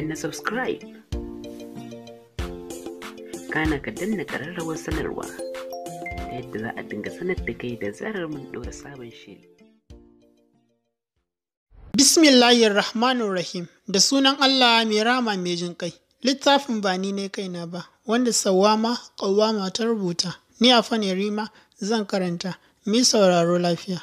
na subscribe kana ka danna ƙararrawar sanarwa ta yadda za a dinga sanar da kai da zarar mun ɗora sabon shiri bismillahir rahmanir rahim da sunan allah mai rama mai jin kai littafin ba ni ne kaina ba wanda sawama ƙawama ta rubuta ni a fane rima zan karanta mi sauraro lafiya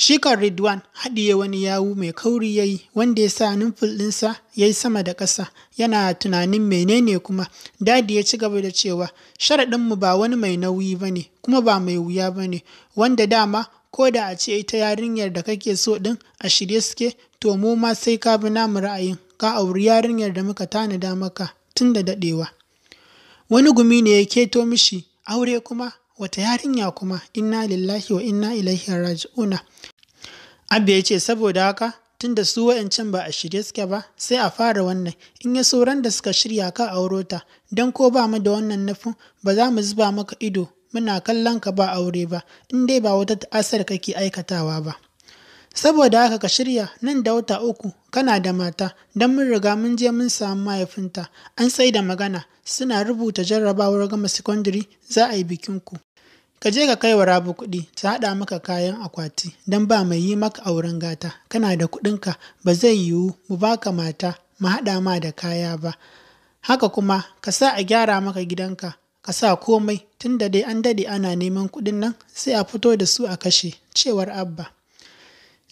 Shi Ridwan haɗiye wani yawu mai kauri ya yi wanda ya sa numful ɗinsa ya yi sama da ƙasa yana tunanin menene kuma dadi ya ci gaba da cewa sharaɗinmu ba wani mai nauyi ba ne kuma ba mai wuya ba ne wanda dama ko da a ce ita yarinyar da kake so ɗin a shirye suke to mu ma sai ka bi namu ra'ayin ka auri yarinyar da muka tanada maka tun da daɗewa. Wani gumi ne ya keto mishi aure kuma wata yarinya kuma inna lillahi wa inna ilaihi raji'una abba ya saboda haka tunda su wa'ancan ba a shirye suke ba sai a fara wannan in ya sauran da suka shirya ka auro ta don ko ba mu da wannan nufin ba za mu zuba maka ido muna kallon ka ba aure ba in dai ba wata ta'asar kake aikatawa ba saboda haka ka shirya nan da wata uku kana da mata don mun riga mun je mun samu mahaifinta an tsaida magana suna rubuta jarrabawar gama secondary za a yi bikin ku ka je ka kai wa rabu kuɗi ta haɗa maka kayan akwati don ba mai yi maka auren gata kana da kuɗinka ba zai yiwu mu baka mata mu haɗa ma da kaya ba haka kuma ka sa a gyara maka gidanka ka sa komai tun da dai an daɗe ana neman kuɗin nan sai a fito da su a kashe cewar abba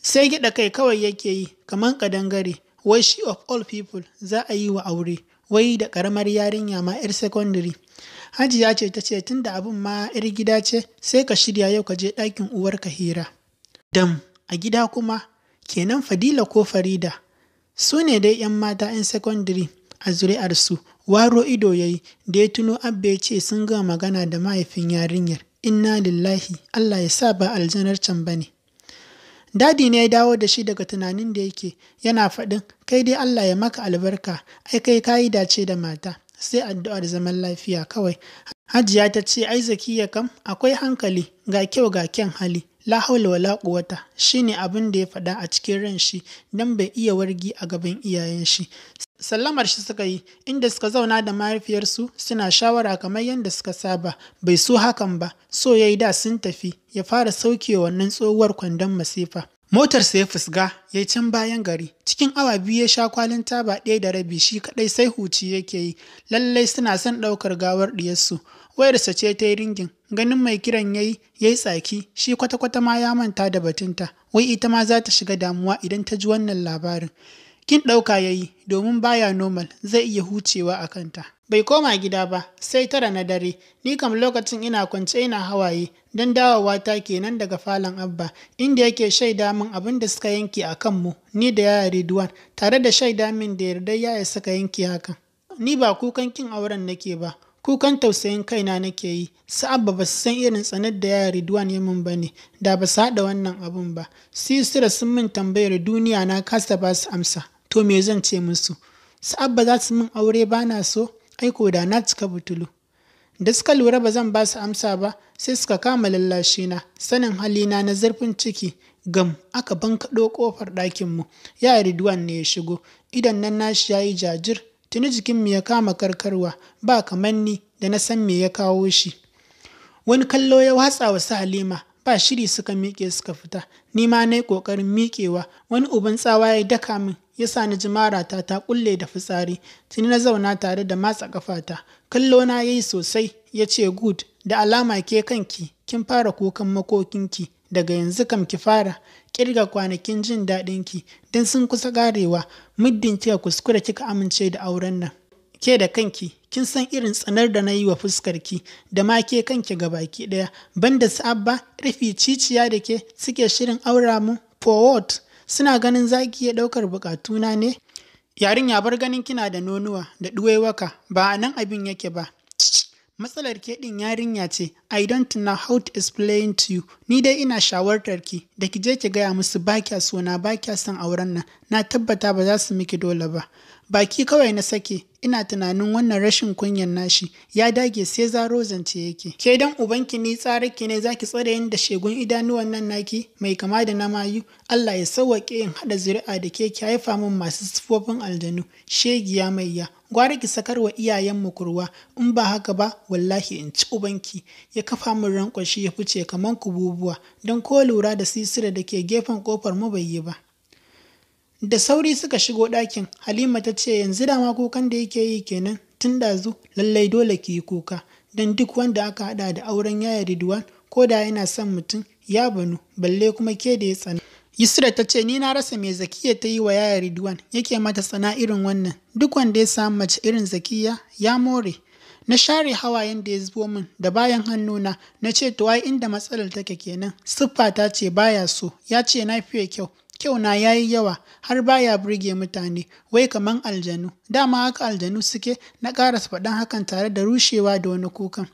sai gida kai kawai yake yi kamar kadangare wai shi of all people za a yi wa aure wai da ƙaramar yarinya ma 'yar secondary Hajiya ce ta ce tun da abin ma 'yar gida ce sai ka shirya yau ka je ɗakin uwarka hira. Dam a gida kuma kenan Fadila ko Farida su ne dai 'yan mata 'yan secondary a zuri'arsu waro ido ya yi da ya tuno abba ya ce sun ga magana da mahaifin yarinyar inna lillahi Allah ya sa ba aljanar can ba ne. Dadi ne ya dawo da shi daga tunanin da yake yana faɗin kai dai Allah ya maka albarka ai kai ka yi dace da mata. sai addu'a da zaman lafiya kawai. Hajiya ta ce ai zakiya kam akwai hankali ga kyau ga kyan hali la haula laƙuwata shi shine abin da ya faɗa a cikin ran shi dan bai iya wargi a gaban iyayen shi sallamar shi suka yi inda suka zauna da mahaifiyarsu suna shawara kamar yadda suka saba bai so hakan ba so yayi da sun tafi ya fara sauke wannan tsohuwar kwandon masifa motarsa ya fusga ya can bayan gari cikin awa biyu ya sha kwalin taba ɗaya da rabi shi kaɗai sai huci yake yi lallai suna son ɗaukar gawar ɗiyarsu wayarsa ce ta yi ringin ganin mai kiran yayi yi tsaki shi kwata-kwata ma ya manta da batunta wai ita ma za ta shiga damuwa idan ta ji wannan labarin kin ɗauka ya yi, domin baya normal zai iya hucewa a kanta Bai koma gida ba sai tara na dare, ni kam lokacin ina kwance ina hawaye don dawowa ta kenan daga falon Abba, inda yake shaida min abin da suka yanke a kanmu, ni da yaya riduwan tare da shaida min da yarda yaya suka yanke hakan. Ni ba kukan kin auren nake ba, kukan tausayin kaina nake yi, su Abba ba su san irin tsanar da yaya riduwan ya min ba ne, da ba su haɗa wannan abun ba. Sisira sun min tambayar duniya na kasa ba su amsa, to me zan ce musu? Su Abba za su min aure ba na so? Aiko da na cika butulu da suka lura ba zan ba su amsa ba sai suka kama lallashi na sanin halina na zurfin ciki gam aka bankaɗo ƙofar ɗakinmu ya ridwan ne ya shigo idan nan nashi ya yi jajir tuni mu ya kama karkarwa ba kamar ni da na san me ya kawo shi wani kallo ya watsa wa su halima ba shiri suka miƙe suka fita ni ma na yi ƙoƙarin miƙewa wani uban tsawa ya daka min ya sa ni jimarata ta ƙulle da fitsari tuni na zauna tare da matsa kafata kallo na yayi sosai ya ce gud. da alama ke kanki kin fara kukan makokinki daga yanzu kam ki fara kirga kwanakin jin daɗinki don sun kusa ƙarewa muddin kika kuskura kika amince da auren nan ke da kanki kin san irin tsanar da na yi wa fuskarki da ma ke kanki baki ɗaya banda sa'abba rufi ciciya da ke suke shirin aura mu forward suna ganin za ya iya ɗaukar bukatuna ne yarin ya bar ganin kina da nonuwa da ɗuwaiwaka ba a nan abin yake ba matsalar ke yarinya ce i don't know how to explain to you ni dai ina shawartar ki da ki je ki gaya musu ba kya so na ba kya son auren nan na tabbata ba za su miki dole ba baki kawai na sake ina tunanin wannan rashin kunyan nashi ya dage sai zaro zance yake ke dan ubanki ni tsararki ne zaki tsare yin da shegun idanuwan nan naki mai kama da na mayu Allah ya sauwaƙe in haɗa zuri'a da ke ki haifa min masu sifofin aljanu shegiya mai ya gwara ki sakar wa iyayenmu kurwa in ba haka ba wallahi in ci ubanki ya kafa min rankwashi ya fice kaman kububuwa don ko lura da sisira da ke gefen kofar mu bai yi ba da sauri suka shigo ɗakin halima ta ce yanzu dama kukan da yake yi kenan tun zu lallai dole ki yi kuka don duk wanda aka haɗa da auren yaya riduwan? ko da yana son mutum ya banu balle kuma ke da ya tsana Yusra ta ce ni na rasa mai Zakiya ta yi wa yaya riduwan yake mata sana irin wannan duk wanda ya samu mace irin Zakiya ya more na share hawayen da ya zubo min da bayan hannuna na ce to ai inda matsalar take kenan siffa ta ce baya so ya ce na fiye kyau Kyauna ya yi yawa har baya burge mutane, wai kaman aljanu, dama haka aljanu suke na ƙara faɗan hakan tare da rushewa da wani kukan.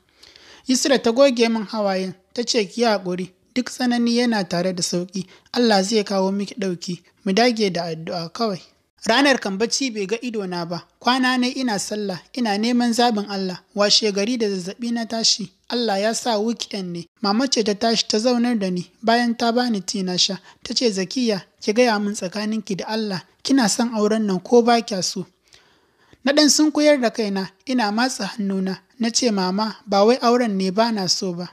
Yusra ta goge min hawayen, ta ce ki haƙuri, duk tsanani yana tare da sauƙi, Allah zai kawo miki ɗauki, mu dage da addu'a kawai. Ranar kan bacci bai ga idona ba, kwana ne ina sallah, ina neman zabin Allah, washe gari da zazzaɓi na tashi, Allah ya sa wikiyan ne. Mama ce ta tashi ta zaunar da ni, bayan ta bani ti na sha, ta ce Zakiya, ki gaya min tsakaninki da Allah, kina son auren nan ko ba kya so. Na ɗan sun koyar da kaina, ina matsa hannuna, na ce mama ba wai auren ne ba na so ba.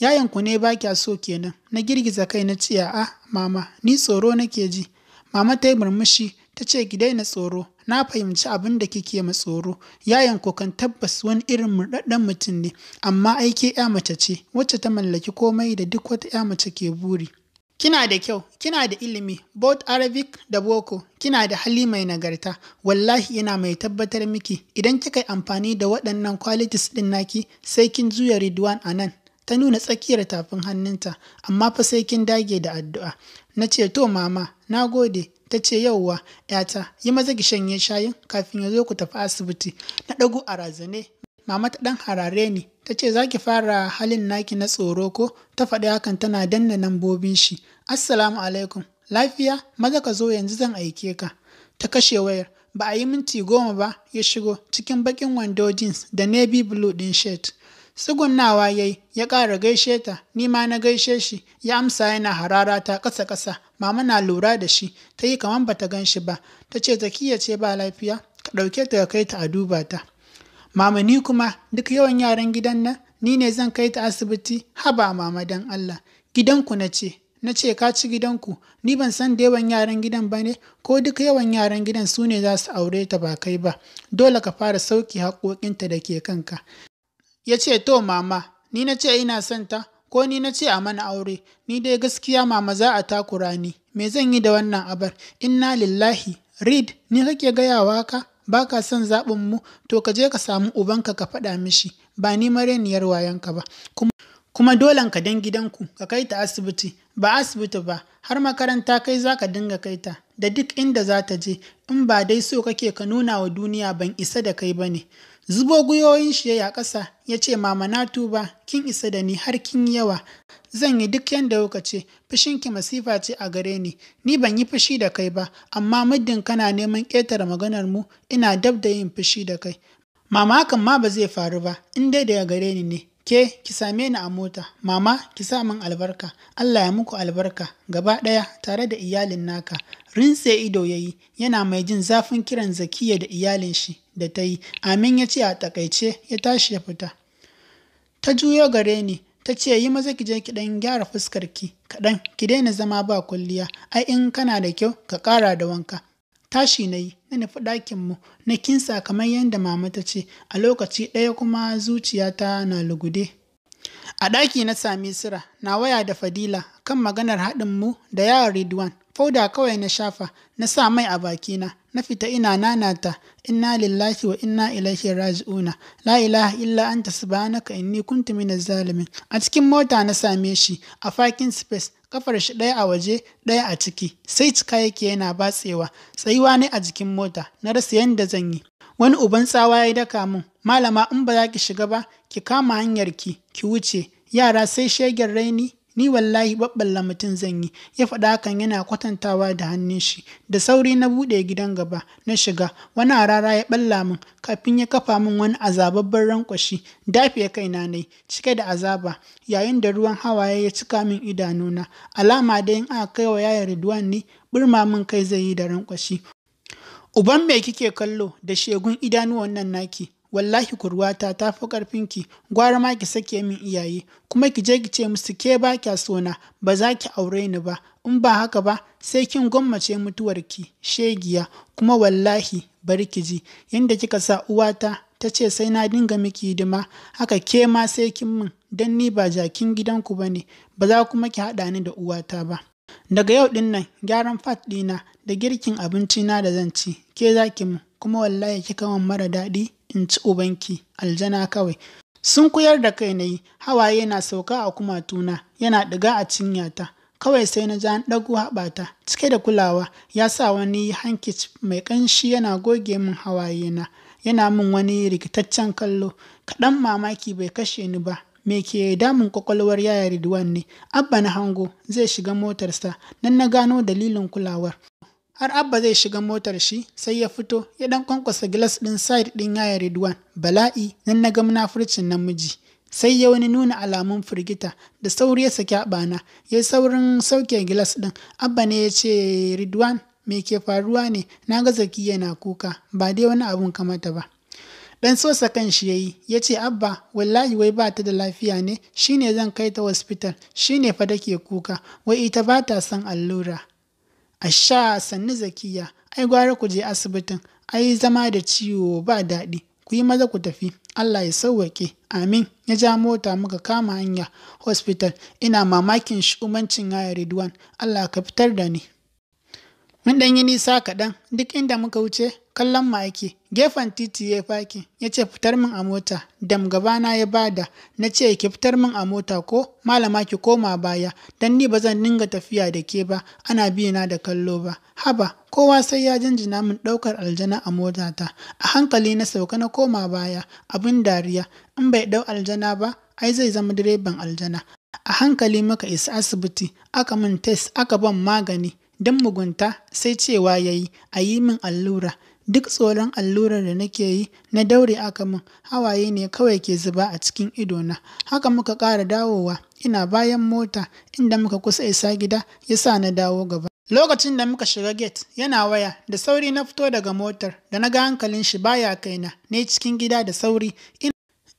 Yayanku ne ba kya so kenan, na girgiza kai na ce a'a mama, ni tsoro nake ji. Mama ta yi murmushi, ta ce ki daina tsoro, na fahimci abin da kike ma tsoro, yayan kan tabbas wani irin murɗaɗɗen mutum ne, amma aike ya mace ce, wacce ta mallaki komai da duk wata ya mace ke buri. Kina da kyau, kina da ilimi, both Arabic da Boko, kina da hali mai nagarta, wallahi ina mai tabbatar miki, idan kika yi amfani da waɗannan qualities ɗin naki, sai kin juya Ridwan a nan. Ta nuna tsakiyar tafin hannunta, amma fa sai kin dage da addu'a. Na ce, to mama, na gode, ta ce yauwa yata yi maza ki shanye shayin kafin ya zo ku tafi asibiti na ɗagu a razane mama ta ɗan harare ne ta ce za ki fara halin naki na tsoro ko ta faɗi hakan tana danna nambobin shi assalamu alaikum lafiya maza ka zo yanzu zan aike ka ta kashe wayar ba a yi minti goma ba ya shigo cikin bakin wando jeans da navy blue ɗin shirt Tsugunnawa ya yi, ya ƙara gaishe ta, ni ma na gaishe shi, ya amsa yana harara ta ƙasa-ƙasa, mama na lura da shi, ta yi kamar bata gan shi ba, ta ce ta ce ba lafiya, ka ɗauke ta ka kai ta a duba ta. Mama ni kuma duk yawan yaran gidan nan, ni ne zan kai ta asibiti, haba mama dan Allah, gidanku na ce, na ce ka ci gidan ku. ni ban san da yawan yaran gidan ba ne, ko duk yawan yaran gidan su ne za su aure ta ba kai ba, dole ka fara sauki haƙoƙinta da ke kanka. ya ce to mama ni na ce ina son ta ko ni na ce a mana aure ni dai gaskiya mama za a takura ni me zan yi da wannan abar inna lillahi reed ni kake gayawa ka ba ka son zaɓin mu to ka je ka samu ubanka ka faɗa mishi ba ni mareniyar wayanka ba kuma kuma dolen ka dan gidanku ka kai ta asibiti ba asibiti ba har makaranta kai za ka dinga kai ta da duk inda za ta je in ba dai so kake ka nuna wa duniya ban isa da kai ba ne zubo gwiwoyin shi ya ƙasa ya ce mama na tuba kin isa da ni har kin yawa zan yi duk yadda kuka ce fushinki masifa ce a gare ni ni ban yi fushi da kai ba amma muddin kana neman ƙetare maganar mu ina dab da yin fushi da kai mama hakan ma ba zai faru ba in dai daga gare ni ne ke ki same ni a mota mama ki sa min albarka Allah ya muku albarka gaba ɗaya tare da iyalin naka rintse ido yayi yana mai jin zafin kiran zakiya da iyalin shi da ta yi amin ya ce a takaice ya tashi ya fita ta juyo gare ni ta ce yi maza ki je ki dan gyara fuskar ki kaɗan ki daina zama ba kulliya ai in kana da kyau ka ƙara da wanka tashi na yi na nufi ɗakinmu na kinsa kamar yadda mama ta ce a lokaci ɗaya kuma zuciyata na lugude a ɗaki na sami sira na waya da fadila kan maganar haɗinmu da yawan ridwan fauda kawai na shafa na sa mai a bakina na fita ina nanata inna lillahi wa inna ilaihi raji'una la ilaha illa anta subhanaka inni kuntu minaz zalimin a cikin mota na same shi a fakin space kafar shi ɗaya a waje ɗaya a ciki sai cika yake yana batsewa tsayuwa ne a jikin mota na rasa yadda zan yi wani uban tsawa ya daka min malama in ba za ki shiga ba ki kama hanyar ki ki wuce yara sai shegen raini ni wallahi babban mutum zan yi ya faɗa hakan yana kwatantawa da hannun shi da sauri na buɗe gidan gaba na shiga wani harara ya ɓalla min kafin ya kafa min wani azababban rankwashi ya na nai cike da azaba yayin da ruwan hawa ya cika min idanuna alama da in aka kai wa yayar Ridwan ne birma min kai zai yi da rankwashi uban me kike kallo da shegun idanuwan nan naki wallahi kurwata ta fi ƙarfinki gwara ma ki sake min iyaye kuma ki je ki ce musu ke ba kya sona ba za ki aure ni ba in ba haka ba sai kin gwammace mutuwar ki shegiya kuma wallahi bari ki ji yadda kika sa uwata ta ce sai na dinga miki hidima haka ke ma sai kin min don ni ba jakin gidanku ba ne ba za kuma ki haɗa ni da uwata ba daga yau din nan gyaran fat ɗina da girkin abincina da zan ci ke za ki min kuma wallahi kika min mara daɗi in ci ubanki aljana kawai sun kuyar da kai na yi hawaye na sauka a kumatuna yana ɗiga a cinya ta. kawai sai na ja ɗago haɓata cike da kulawa ya sa wani hankic mai ƙanshi yana goge min hawaye na yana min wani rikitaccen kallo kaɗan mamaki bai kashe ni ba me ke damun kwakwalwar yaya Ridwan ne abba na hango zai shiga motarsa Nan na gano dalilin kulawar har abba zai shiga motar shi sai ya fito ya dan kwankwasa gilas ɗin side ɗin yaya Ridwan bala'i nan na ga munafurcin namiji sai ya wani nuna alamun firgita da sauri ya saki abana ya saurin sauke gilas ɗin abba ne ya ce Ridwan me ke faruwa ne na ga zaki yana kuka ba dai wani abun kamata ba dan sosa kan shi yayi ya ce abba wallahi wai ba ta da lafiya ne shine zan kai ta hospital shine fa da ke kuka wai ita ba ta son allura A sha sannu Zakiya, ai gwara ku je asibitin, ai zama da ciwo ba daɗi, ku yi maza ku tafi, Allah ya sauwake, amin, ya ja mota muka kama hanya, hospital, ina mamakin umancin yaya Ridwan, Allah ka fitar da ni. Mun ɗan yi nisa kaɗan, duk inda muka wuce kallon mu ake gefen titi ya faki ya ce fitar min a mota dam gabana ya bada na ce ki fitar min a mota ko malama ki koma baya dan ni ba zan dinga tafiya da ke ba ana bi na da kallo ba haba kowa sai ya jinjina min daukar aljana a motata a hankali na sauka na koma baya abin dariya in bai dau aljana ba ai zai zama direban aljana a hankali muka isa asibiti aka min test aka ban magani dan mugunta sai cewa yayi yi a yi min allura Duk tsoron allurar da nake yi na daure aka min, hawaye ne kawai ke zuba a cikin idona. Haka muka ƙara dawowa. Ina bayan mota, inda muka kusa isa gida ya sa na dawo gaba. Lokacin da muka shiga gate, yana waya. Da sauri na fito daga motar, da na ga hankalin shi baya kaina. Na cikin gida da sauri.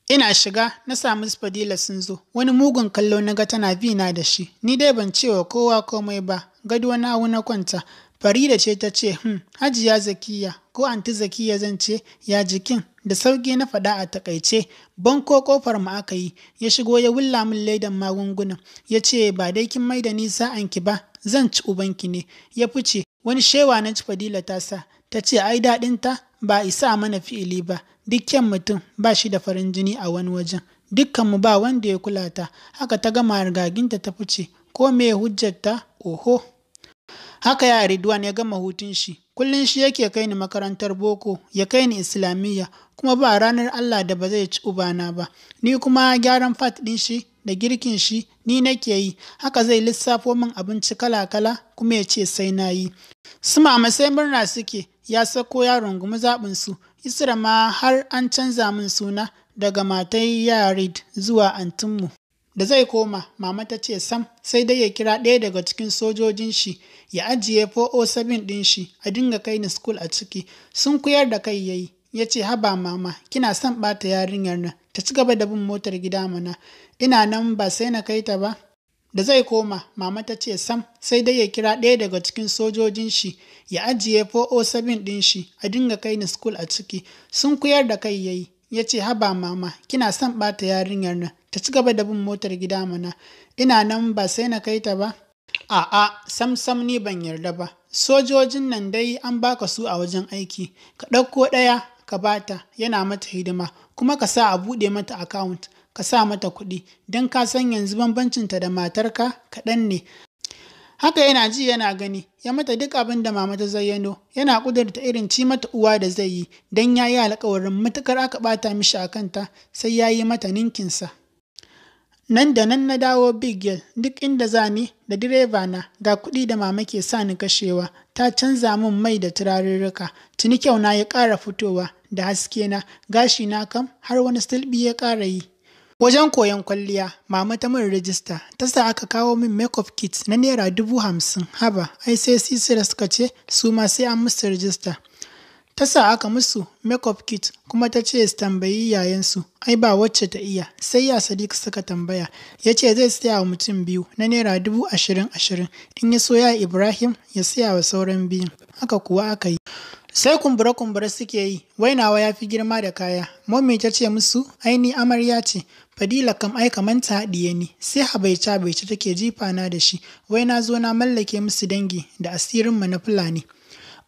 Ina shiga na samu Fadila sun zo, wani mugun kallo na ga tana na da shi, ni dai ban cewa kowa komai ba, gado na na kwanta, Farida ce ta ce, "Hm, Hajiya Zakiya ko Anti Zakiya zan ce, ya jikin?" Da sauƙi na faɗa a takaice, banko ƙofar mu aka yi, ya shigo ya wulla min laidan magungunan, ya ce, "Ba dai kin mai da ni anki ba, zan ci ubanki ne." Ya fice, wani shewa na ci Fadila ta sa, ta ce, "Ai daɗinta ba isa mana fi'ili ba, dukkan mutum ba shi da farin jini a wani wajen." Dukkanmu ba wanda ya kula ta, haka ta gama rigaginta ta fice, ko me hujjata? Oho! Haka ya Ridwan ya gama hutun shi, kullum shi yake kai ni makarantar boko, ya kai ni Islamiyya, kuma ba ranar Allah da ba zai ci ubana ba, ni kuma gyaran fat ɗin shi da girkin shi ni nake yi, haka zai lissafo min abinci kala-kala kuma ya ce sai na yi. Su mama sai murna suke, ya sako ya rungumi su, Isra ma har an canza min suna daga matai Ya Rid zuwa Antinmu. da zai koma mama ta ce sam sai dai ya kira ɗaya daga cikin sojojin shi ya ajiye 407 ɗin shi a dinga kai ni school a ciki sun kuyar da kai yayi ya ce haba mama kina son ɓata yarinyar nan ta ci gaba da bin motar gida mana ina nan ba sai na kai ta ba da zai koma mama ta ce sam sai dai ya kira ɗaya daga cikin sojojin shi ya ajiye 407 ɗin shi a dinga kai ni school a ciki sun kuyar da kai yayi ya ce haba mama kina son ɓata yarinyar nan ta ci gaba da bin motar gida mana ina nan ba sai na kai ta ba a'a sam sam ni ban yarda ba sojojin nan dai an baka su a wajen aiki ka ɗauko ɗaya ka bata yana mata hidima kuma ka sa a buɗe mata account ka sa mata kuɗi don ka san yanzu bambancinta da matarka kaɗan ne haka yana ji yana gani ya mata duk abin da mama ta zayyano yana kudurta irin ci mata uwa da zai yi don ya yi alkawarin matukar aka bata mishi a kanta sai ya yi mata ninkinsa Nan da nan na dawo Big Girl, duk inda za ni da direba na ga kuɗi da mama ke sa ni kashewa, ta canza min mai da turarurruka, tuni kyau na ya ƙara fitowa da haske na, gashi na kam har wani stilbi ya ƙara yi. Wajen koyon kwalliya, mama ta min rijista, ta sa aka kawo min makeup kit na naira dubu hamsin, haba, ai sai sisira suka ce su ma sai an musu rijista. ta sa aka musu makeup kit kuma ta ce su tambayi yayansu ai ba wacce ta iya sai ya sadiq suka tambaya ya ce zai siya wa mutum biyu na naira dubu ashirin ashirin in ya soya ibrahim ya siya wa sauran biyun haka kuwa aka yi sai kumbura-kumbura suke yi wainawa ya fi girma da kaya mommy ta ce musu aini amarya ce fadila kam ai kamanta haɗiye ni sai habaice-habaice take jifa na da shi wai na zo na mallake musu dangi da asirinmu na fulani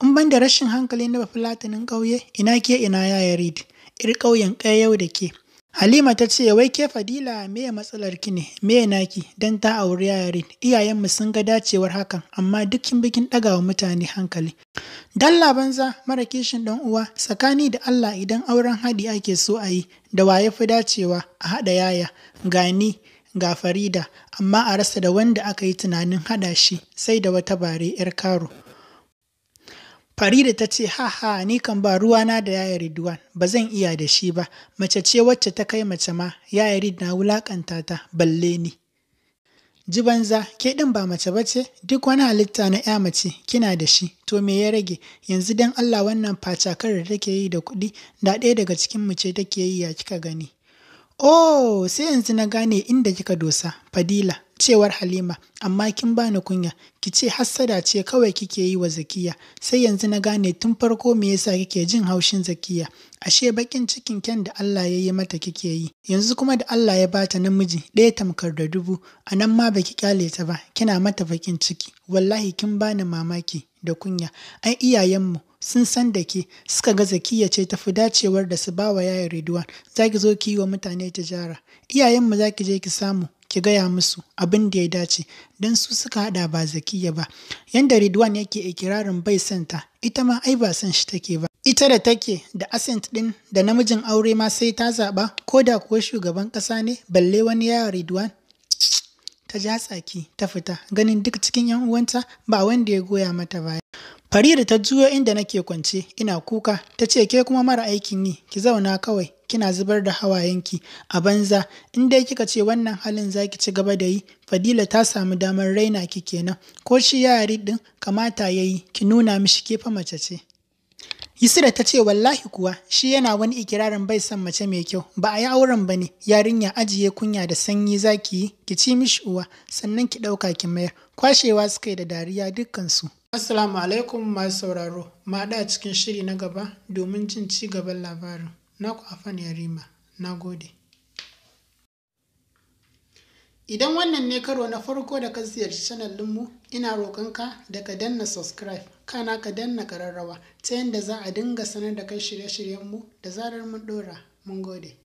In ban da rashin hankali na latinin ƙauye, ina ke ina yayarid, ir ƙauyen ƙayau da ke. Halima ta ce, wai ke Fadila me ya matsalar ki ne, me ya naki, don ta auri iyayen mu sun ga dacewar hakan, amma dukkin bikin ɗagawa mutane hankali. Dalla banza mara kishin ɗan uwa, tsakani da Allah idan auren haɗi ake so a yi, da ya fi dacewa a haɗa yaya, gani, ga Farida, amma a rasa da wanda aka yi tunanin haɗa shi sai da wata bare ‘yar karo. Farida ta ce, Ha ha, ni kan ba ruwana da yaya Ridwan, ba zan iya da shi ba, mace ce wacce ta kai mace ma, yaya Rid na wulakanta ta, balle ni. Ji banza, ke ɗin ba mace ba ce, duk wani halitta na ya mace, kina da shi, to me ya rage, yanzu dan Allah wannan facakar da take yi da kuɗi, da ɗaya daga cikin mu ce take yi ya kika gani. Oh, sai yanzu na gane inda kika dosa, Fadila, cewar Halima, amma kin bani kunya, ki ce hassada ce kawai kike yi wa Zakiya, sai yanzu na gane tun farko me yasa kike jin haushin Zakiya, ashe bakin cikin kyan da Allah ya yi mata kike yi, yanzu kuma da Allah ya bata namiji ɗaya tamkar da dubu, a nan ma baki kyale ta ba, kina mata bakin ciki, wallahi kin bani mamaki da kunya, ai iyayenmu sun san da ke suka ga zakiya ce tafi dacewar da su ba wa yaya Ridwan za zo ki yi wa mutane tijara iyayenmu za ki je ki samu ki gaya musu abin da ya dace don su suka haɗa ba zakiya ba Yadda Ridwan yake ikirarin bai santa ita ma ai ba san shi take ba ita da take da asent din da namijin aure ma sai ta zaɓa ko da kuwa shugaban ƙasa ne balle wani yawa Ridwan ta ja tsaki ta fita ganin duk cikin yan uwanta ba wanda ya goya mata baya Farida ta juyo inda nake kwance ina kuka ta ce ke kuma mara aikin yi ki zauna kawai kina zubar da hawayenki a banza in dai kika ce wannan halin zaki ci gaba da yi fadila ta samu damar raina ki kenan ko shi yari din kamata ya yi ki nuna mishi kefa mace ce Yusra ta ce wallahi kuwa shi yana wani ikirarin bai san mace mai kyau ba a yi auren ba ne yarinya ajiye kunya da sanyi zaki yi ki ci mishi uwa sannan ki ɗauka ki mayar kwashewa suka yi da dariya dukkansu. Assalamu alaikum masu sauraro maɗa cikin shiri na gaba domin jin ci gaban labarin. naku afan yarima na gode idan wannan ne karo na farko da ka ziyarci canal ɗinmu ina roƙonka da ka danna subscribe kana ka danna ƙararrawa ta yadda za a dinga sanar da kai shirye-shiryenmu da zarar mun ɗora mun gode